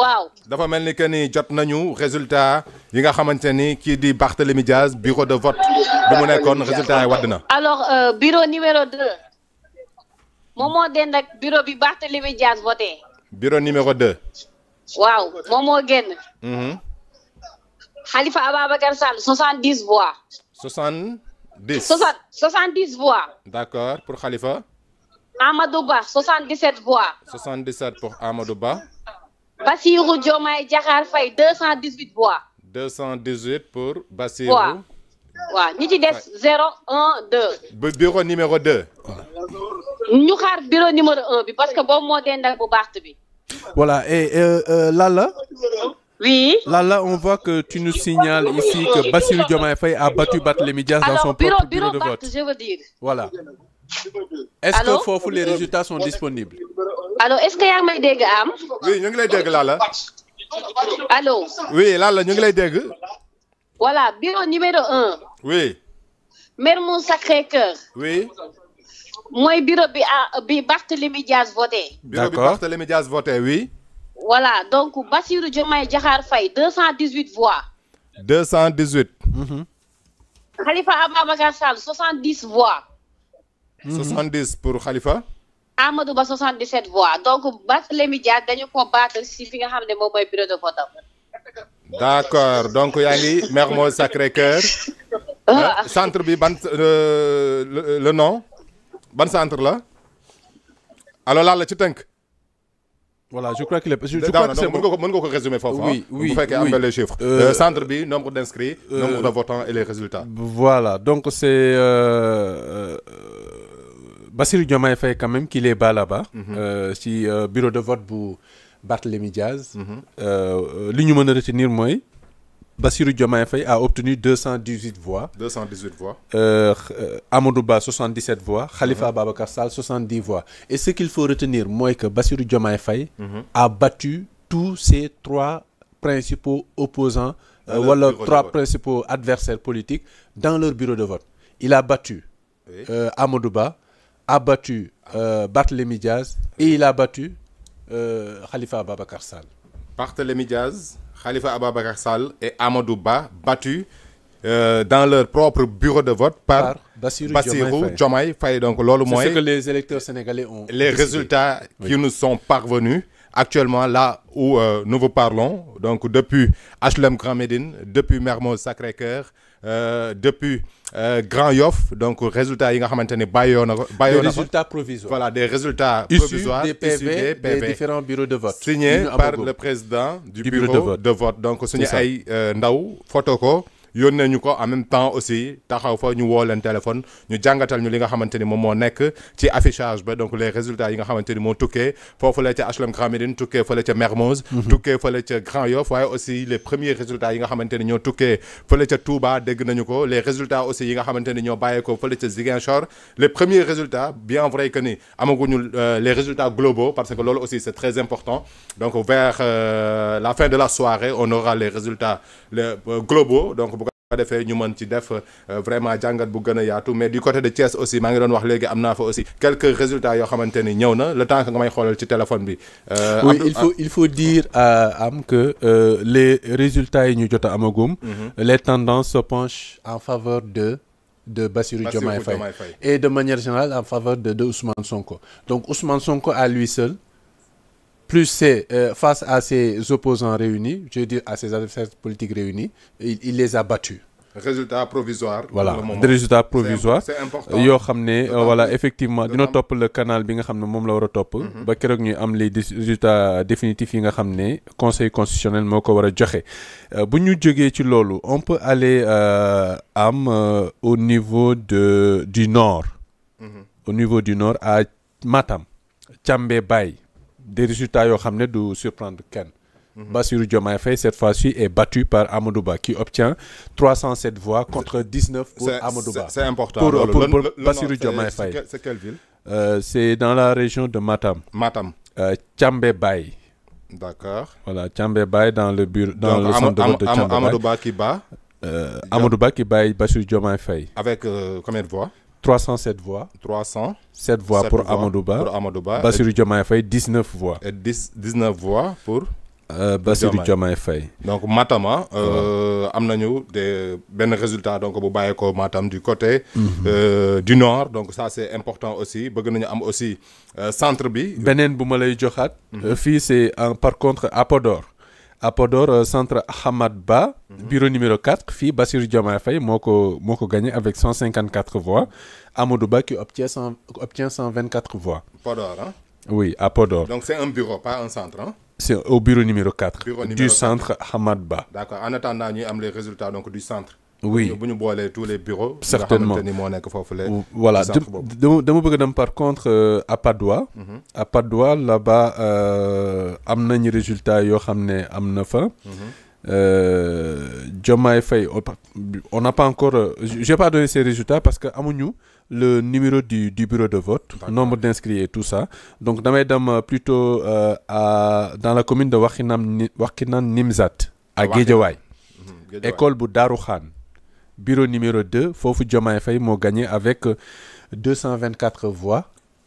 waaw dafa mel ni que ni jot nañu résultat yi nga xamante ni kii di Barthélémy Diaz bureau de vote bi mu nekkoon résultat yi wadd na. alors euh, bureau numéro 2 moom moo dend ak bureau bi Barthélémy Diaz voté. bureau numéro 2. waaw moom moo génn. Mhm. Khalifa Ababacar Sall 70 voix. 70. 60 70 voix. d'accord pour Khalifa. Amadou Ba 77 voix. pour Amadou Ba. Bassirou Diomaye Diakhar Faye deux cent dix huit voix. deux cent dix huit pour. Bassirou waaw waaw ñi ci des zéro un deux. bureau numéro deux. ñu xaar bureau numéro un bi parce que boobu moo dend bu baax bi. voilà et euh, oui. Lalla on voit que tu nous signales ici que Bassirou Diomaye Faye a battu Barthélémy Dias dans son bureau, de vote. je veux dire. voilà. est-ce que foofu les résultats sont disponibles. alo est-ce que yaa ngi may dégg am. oui ñu ngi lay dégg Lalla. allo. oui Lalla ñu ngi lay dégg. voilà bureau numéro un. oui. Mermoz Sacré-Cœur. oui. mooy bureau bi ah bi Barthélémy Diaz voté. d'accord bureau bi Barthélémy Diaz voté oui. voilà donc Bassirou Diomaye Diakhar Faye deux cent dix-huit dix-huit. Mhm. Khalifa Ababacar soixante-dix voix. soixante pour Khalifa. Amadou Ba 77 voix donc Barthélémy Dias dañu ko battre si fi nga xam ne moom mooy bureau de vote d'accord donc yaa ngi Mermoz Sacré-Cœur. Ah. Euh, centre bi ban euh, le nom ban centre la alors lan la ci tenk voilà je ko mën nga ko résumer foofu oui ah. oui bu fekkee am na euh, centre bi nombre d'inscrits. nombre de votants et les résultats. voilà donc c'est. Bassirou Diomaye fay quand même qu'il est bas là-bas. ci mhm. euh, euh, bureau de vote bu Barthélémy Diaz. Mhm. Euh, li ñu mën a retenir mooy. Bassirou Diomaye Faye a obtenu deux cent dix huit voix. deux cent dix huit Amadou Ba soixante dix sept voix. Khalifa mhm. Ababacar Sall soixante dix voix. et ce qu'il faut retenir mooy que Bassirou Diomaye Faye. a battu tous ses trois principaux opposants wala trois principaux adversaires politiques dans leur bureau de vote. il a battu Amadou Ba. a battu euh, Barthélémy Diaz et il a battu euh, Khalifa Ababacar Sall. Barthélémy Diaz, Khalifa Ababacar Sall et Amadou Ba battus euh, dans leur propre bureau de vote par, par Bassirou, Bassirou donc loolu mooy. les électeurs sénégalais ont les décidé. résultats oui. qui nous sont parvenus actuellement là où euh, nous vous parlons donc depuis HLM Grand Médine depuis Mermoz Sacré-Cœur Euh, depuis euh, Grand Yoff donc résultats yi nga xamante ne bàyyoo na ko. bàyyoo na ko des résultats provisoires. voilà des résultats provisoires. issus des PV des différents bureaux de vote. signé par le président du bureau de vote donc suñu ay euh, ndaw photo ko. yónnee nañu ko en même temps aussi taxaw fa ñu woo leen téléphone ñu jàngatal ñu li nga xamante ni moom moo nekk ci affichage ba donc les résultats yi nga xamante ni moo tukkee foofu la ca HLM Grand Médine tukkee fële ca Mermoz mhm. tukkee fële ca Grand Yoff waaye aussi les premiers résultats yi nga xamante ni ñoo tukkee fële ca Touba dégg nañu ko les résultats aussi yi nga xamante ni ñoo bàyyeekoo fële ca Ziguinchor les premiers résultats que ni amaguñu euh, les résultats globaux parce que loolu aussi c'est très important donc vers euh, la fin de la soirée on aura les résultats euh, globaux donc ko defee ñu mën ci def euh, vraiment jàngat bu gën yaatu mais du côté de Thiès aussi maa ngi doon wax léegi am naa fa aussi quelques résultats yoo xamante ni ñëw na le temps que nga may xoolal ci téléphone bi. Euh, il faut il faut am que euh, les résultats yi ñu jot a amagum. Mhm. les tendances se penchent en faveur de. de Bassirou Diomaye Faye et de manière générale en faveur de de Ousmane Sonko donc Ousmane Sonko à lui seul. plus c'est euh, face à ses opposants réunis je veux dire à ses adversaires politiques réunis il, il les a battus résultat provisoire. voilà des résultats provisoires yoo xam ne voilà effectivement dina topp le kanaal bi nga xam ne moom la war a topp. Mhm. ba keroog ñuy am les résultats définitifs yi nga xam ne conseil constitutionnel moo ko war a joxe. Euh, bu ñu jógee ci loolu on peut aller euh, am euh, au niveau de du nord. Mm niveau du nord à Matam. Càmbe Baye. des résultats yoo xam ne du surprendre kenn. Mhm. Bassirou Diomaye Faye cette fois-ci est battu par Amadou Ba qui obtient 307 voix contre 19 pour Amadou Ba. C'est important pour pour pour Bassirou euh, C'est dans la région de Matam. Matam. Euh, Thiambé Baye. D'accord. Voilà Thiambé Baye dans le bureau dans le centre de vote de Thiambé Baye. Amadou Ba qui bat. Euh, Amadou Ba qui bat Bassirou Diomaye Avec combien de voix? 307 voix. 307 voix pour Amadou Ba. Pour Amadou Ba. Bassirou Diomaye Faye 19 voix. Et 10 19 voix pour. Euh, Bassirou Diomaye Faye. donc Matam euh, am nañu des benn résultat donc bu bàyyeekoo Matam du côté. Mm -hmm. euh, du nord donc ça c'est important aussi bëgg nañu am aussi euh, centre bi. beneen bu ma lay joxaat. Mhm. fii c'est par contre Apodor. à Podor euh, centre Hamad Ba. Mhm. bureau numéro 4 fii Bassirou Diomaye Faye moo ko moo ko gagné avec 154 voix Amadou Ba qui obtient cent obtient 124 voix. Podor ah. oui à Podor. donc c'est un bureau pas un centre ah. c'est au bureau numéro 4. du centre Hamad Ba. d'accord en attendant ñuy les résultats donc du centre. oui bu ñu boolee tous les bureaux. certainement nga xamante ni moo nekk foofu la. voilà dama dama bëgg a dem par contre euh, à Padoua. Mhm. à Padoua là-bas euh, am nañu résultat yoo xam ne am na fa. Mhm. Euh, Diomaye Faye on n'a pas encore j'ai pas donné ces résultats parce que amuñu le numéro du du bureau de vote. nombre d'inscrits et tout ça. donc damay dem plutôt à dans la commune de Wakhinam Wakhinane Nimzat. à mhm, Guédiawaye école bu Darou Khan. bureau numéro 2 foofu Diomaye Faye moo gagné avec 224 euh, voix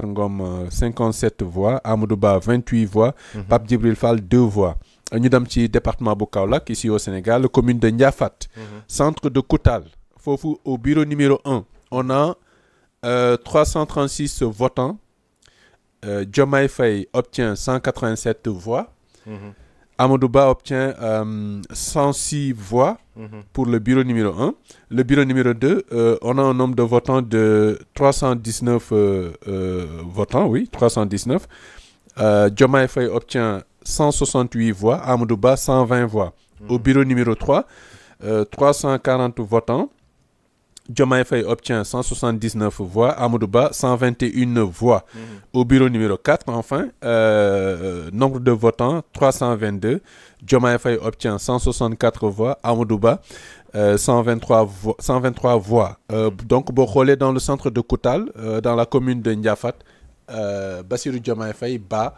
Makhtar Ngom 57 euh, voix Amadou Ba 28 voix mhm. Pape Djibril Fall 2 voix ñu dem ci département bu Kaolack ici au Sénégal commune de Ndiafate mhm. centre de Koutal foofu au bureau numéro 1 on a 336 euh, votants euh, Diomaye Faye obtient Amadou Ba obtient euh, 106 voix mhm. pour le bureau numéro 1. Le bureau numéro 2, euh, on a un nombre de votants de 319 euh, euh, votants, oui, 319. Euh, Diomaye Faye obtient 168 voix, Amadou Ba 120 voix. Mmh. Au mhm. bureau numéro 3, 340 euh, votants, Diomaye Faye obtient 179 voix, Amadou Ba 121 voix. Mmh. Au bureau numéro 4, enfin, euh, nombre de votants 322. Diomaye Faye obtient 164 voix, Amadou Ba euh, 123 voix. 123 voix. Euh, donc, Bokhole dans le centre de Koutal, euh, dans la commune de Ndiafat, euh, Bassirou Diomaye Faye bat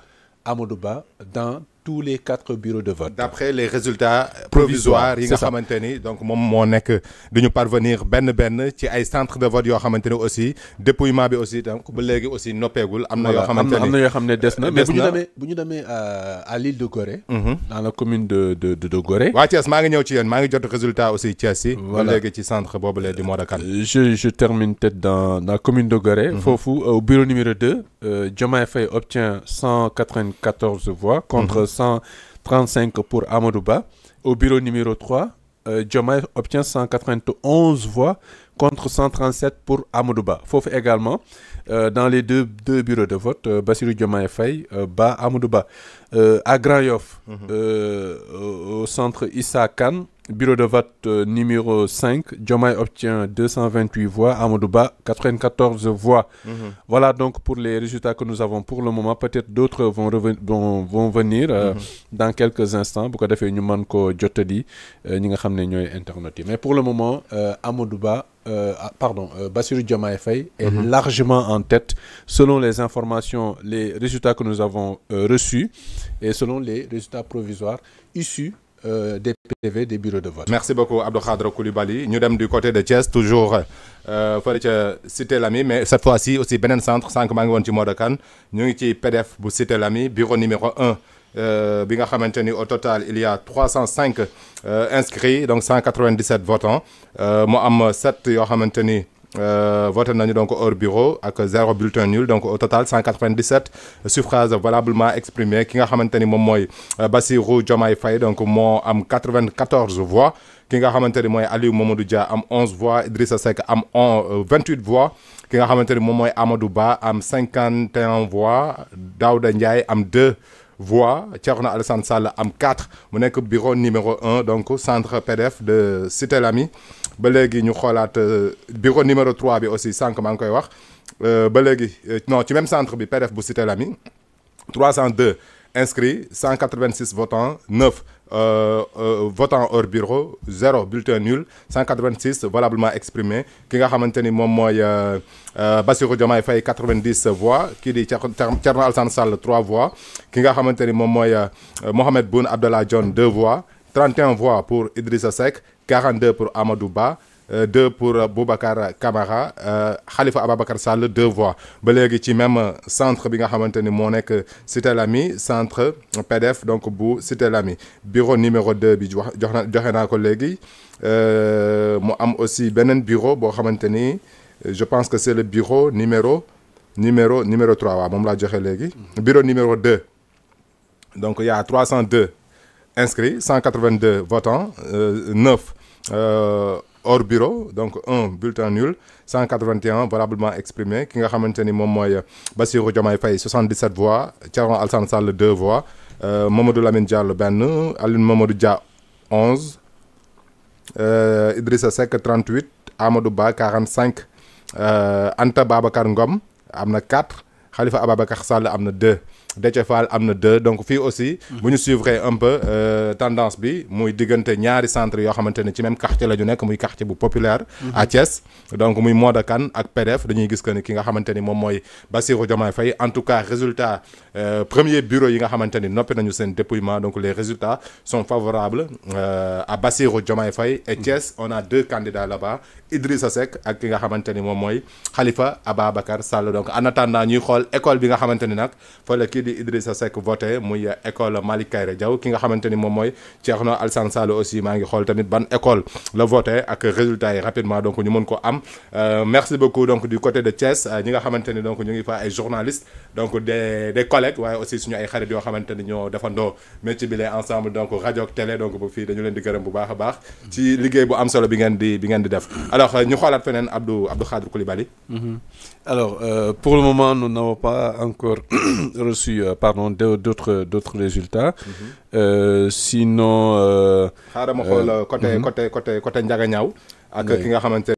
Amadou Ba dans tous les quatre bureaux de vote. d'après les résultats provisoires yi nga xamante ni donc moom moo nekk duñu parvenir benn benn ci ay centre de vote yoo xamante ne aussi dépouillement bi aussi donc ba léegi aussi noppeegul. am na yoo xamante ne am na yoo xam ne des na. mais bu ñu euh, à l'île de Gorée. Mhm. dans la commune de de waa Thiès maa ngi ñëw ci yéen maa ngi jot résultat aussi Thiès yi. ba léegi ci centre boobu la di Modakan. Euh, je je termine peut de Gorée. Mhm. foofu euh, au bureau numéro 135 pour Amadouba. Au bureau numéro 3, euh, Diomaye obtient 191 voix contre 137 pour Amadouba. Fof également, euh, dans les deux, deux, bureaux de vote, euh, Bassirou Diomaye Faye euh, ba Amadouba. Euh, à Grand mm -hmm. au centre Issa bureau de vote euh, numéro 5, Diomaye obtient 228 voix, Amadouba 94 voix. Mmh. Voilà donc pour les résultats que nous avons pour le moment. Peut-être d'autres vont, vont, vont, venir euh, mmh. dans quelques instants. Pourquoi euh, nga nous ne Jotali, nous internet. Mais pour le moment, euh, Amadouba euh, ah, pardon, euh, Bassirou Diomaye Faye est mm largement en tête selon les informations, les résultats que nous avons euh, reçus et selon les résultats provisoires issus Euh, des PV des bureaux de vote. merci beaucoup Abdou Khadra Koulibaly ñu dem du côté de Thiès toujours euh, fële ca Cité Lamy mais cette fois-ci aussi beneen centre sànq maa ngi woon ci Modou Kane ñu ngi ci PDF bu Cité Lamy bureau numéro un. Euh, bi nga xamante ni au total il y a 305 inscrits donc 197 votants mu am 7 yoo xamante ni Euh, vote nañu donc hors bureau ak zéro bulletin nul donc au total 197 suffrages valablement exprimés ki nga xamante ni moom mooy euh, Bassirou Diomaye Faye donc moo am 94 voix ki nga xamante ni mooy Aliou Mamadou Dia am 11 voix Idrissa Seck am euh, vingt 28 voix ki nga xamante ni moom mooy Amadou Ba am 51 voix Daouda Ndiaye am 2 voix Thierno Alassane Sall am 4 mu nekk bureau numéro un donc centre PDF de Cité Lamy ba léegi ñu xoolaat euh, bureau numéro 3 bi aussi sànq maa ngi koy wax euh, ba léegi euh, no ci même centre bi PDF bu Cité Lamy 302 inscrits 186 votants 9 votants hors bureau zéro bulletin nul 186 valablement exprimé ki nga xamante ni moom mooy Bassirou Diomaye Faye 90 voix kii di Thierno Alassane Sall 3 voix ki nga xamante ni moom mooy Mohamed Boun Abdallah Dionne 2 voix 31 voix pour Idrissa Seck 42 pour Amadou Ba. Euh, deux pour Boubacar Camara euh, Khalifa Ababacar Sall deux voix ba léegi ci même centre bi nga xamante ni moo nekk Cité Lamy centre PDF donc bu Cité Lamy bureau numéro 2 bi wax jox na joxe naa ko léegi euh, mu am aussi beneen bureau boo xamante ni je pense que c'est le bureau numéro numéro numéro 3 waaw moom laa joxe léegi. bureau numéro 2 donc il y a 302 inscrits 182 votants Euh, hors bureau donc un bulletin nul 181 valablement exprimé ki nga xamante ni moom mooy euh, Bassirou Diomaye Faye 77 voix Thierno Alassane Sall 2 voix euh, Mamadou Lamine Diallo benn Alioune Mamadou Dia 11 Idrissa Seck 38 Amadou Ba 45 Anta Babacar Ngom am na 4. Khalifa Ababacar Sall am na deux Déthié Fall am na deux donc fii aussi. bu ñu suivre un peu euh, tendance bi muy diggante ñaari centre yoo xamante ne ci même quartier la ñu nekk muy quartier bu populaire. Mhm. à Thiès donc muy Modou Kane ak PDF dañuy gis que ni ki nga xamante ni moom mooy Bassirou Diomaye Faye en tout cas résultat euh, premier bureau yi nga xamante ni noppi nañu seen dépouillement donc les résultats sont favorables euh, à Bassirou Diomaye Faye et mhm. Thiès on a deux candidats là-bas Idrissa Seck ak ki nga xamante ni moom mooy Khalifa Ababacar Sall taxawal école bi nga xamante ni nag fa la kii di Idrissa Seck voté muy école Malick Kayré Diaw ki nga xamante ni moom mooy Thierno Alassane Sall aussi maa ngi xool tamit ban école la voté ak résultat yi rapidement donc ñu mën ko am euh, merci beaucoup donc du côté de Thiès ñi nga xamante ni donc ñu ngi fa ay journalistes donc des des collègues waaye aussi suñu ay xarit yoo xamante ni ñoo defandoo métier bi ensemble donc rajo ak télé donc bu fii dañu leen di gërëm bu baax a baax ci liggéey bu am solo bi ngeen di bi ngeen di def alors euh, ñu xoolaat feneen Abdou Abdou Khadre Koulibaly mhm. alors euh, n'ont pas encore reçu euh, pardon d'autres d'autres résultats. Mhm. Euh, sinon. Euh, xaaral ma xool côté mhm. côté côté côté Ndiaga Niao ak ki nga xamante